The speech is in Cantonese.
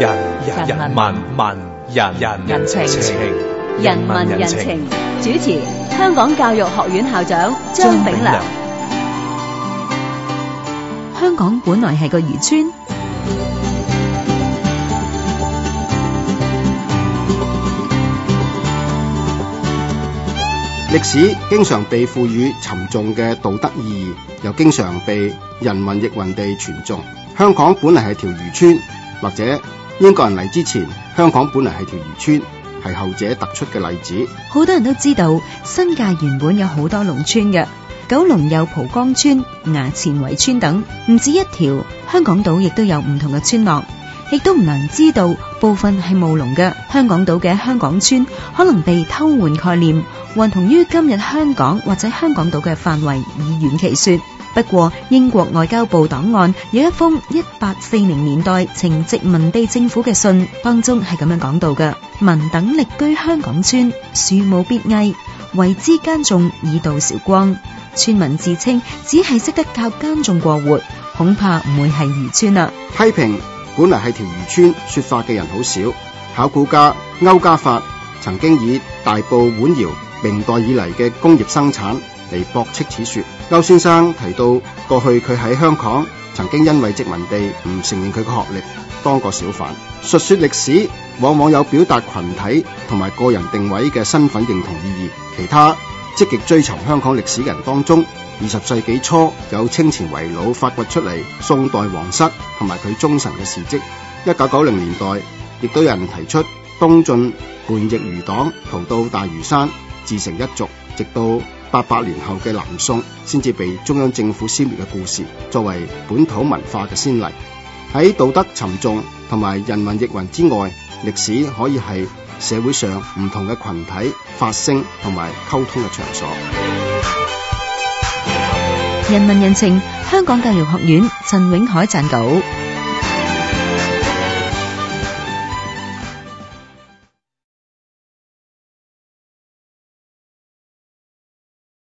人人民民人人情情人民人情主持香港教育學院校長張炳良。炳良香港本來係個漁村，歷史經常被賦予沉重嘅道德意義，又經常被人云亦云地傳頌。香港本來係條漁村，或者。英國人嚟之前，香港本嚟係條漁村，係後者突出嘅例子。好多人都知道，新界原本有好多農村嘅，九龍有蒲崗村、衙前圍村等，唔止一條。香港島亦都有唔同嘅村落。亦都唔難知道，部分係務農嘅香港島嘅香港村可能被偷換概念，混同於今日香港或者香港島嘅範圍，以遠期説。不過英國外交部檔案有一封一八四零年代呈殖民地政府嘅信，當中係咁樣講到嘅：民等歷居香港村，樹木必翳，為之耕種以度韶光。村民自稱只係識得靠耕種過活，恐怕唔會係漁村啦。批評。本嚟係條漁村，説法嘅人好少。考古家歐家法曾經以大埔碗窯明代以嚟嘅工業生產嚟駁斥此説。歐先生提到，過去佢喺香港曾經因為殖民地唔承認佢嘅學歷，當過小販。述說歷史，往往有表達群體同埋個人定位嘅身份認同意義。其他。積極追尋香港歷史人當中，二十世紀初有清前遺老發掘出嚟宋代皇室同埋佢忠臣嘅事蹟。一九九零年代，亦都有人提出東晉叛逆餘黨逃到大嶼山，自成一族，直到八百年後嘅南宋先至被中央政府消滅嘅故事，作為本土文化嘅先例。喺道德沉重同埋人民逆羣之外，歷史可以係。社會上唔同嘅群體發聲同埋溝通嘅場所。人民人情，香港教育學院陳永海撰稿。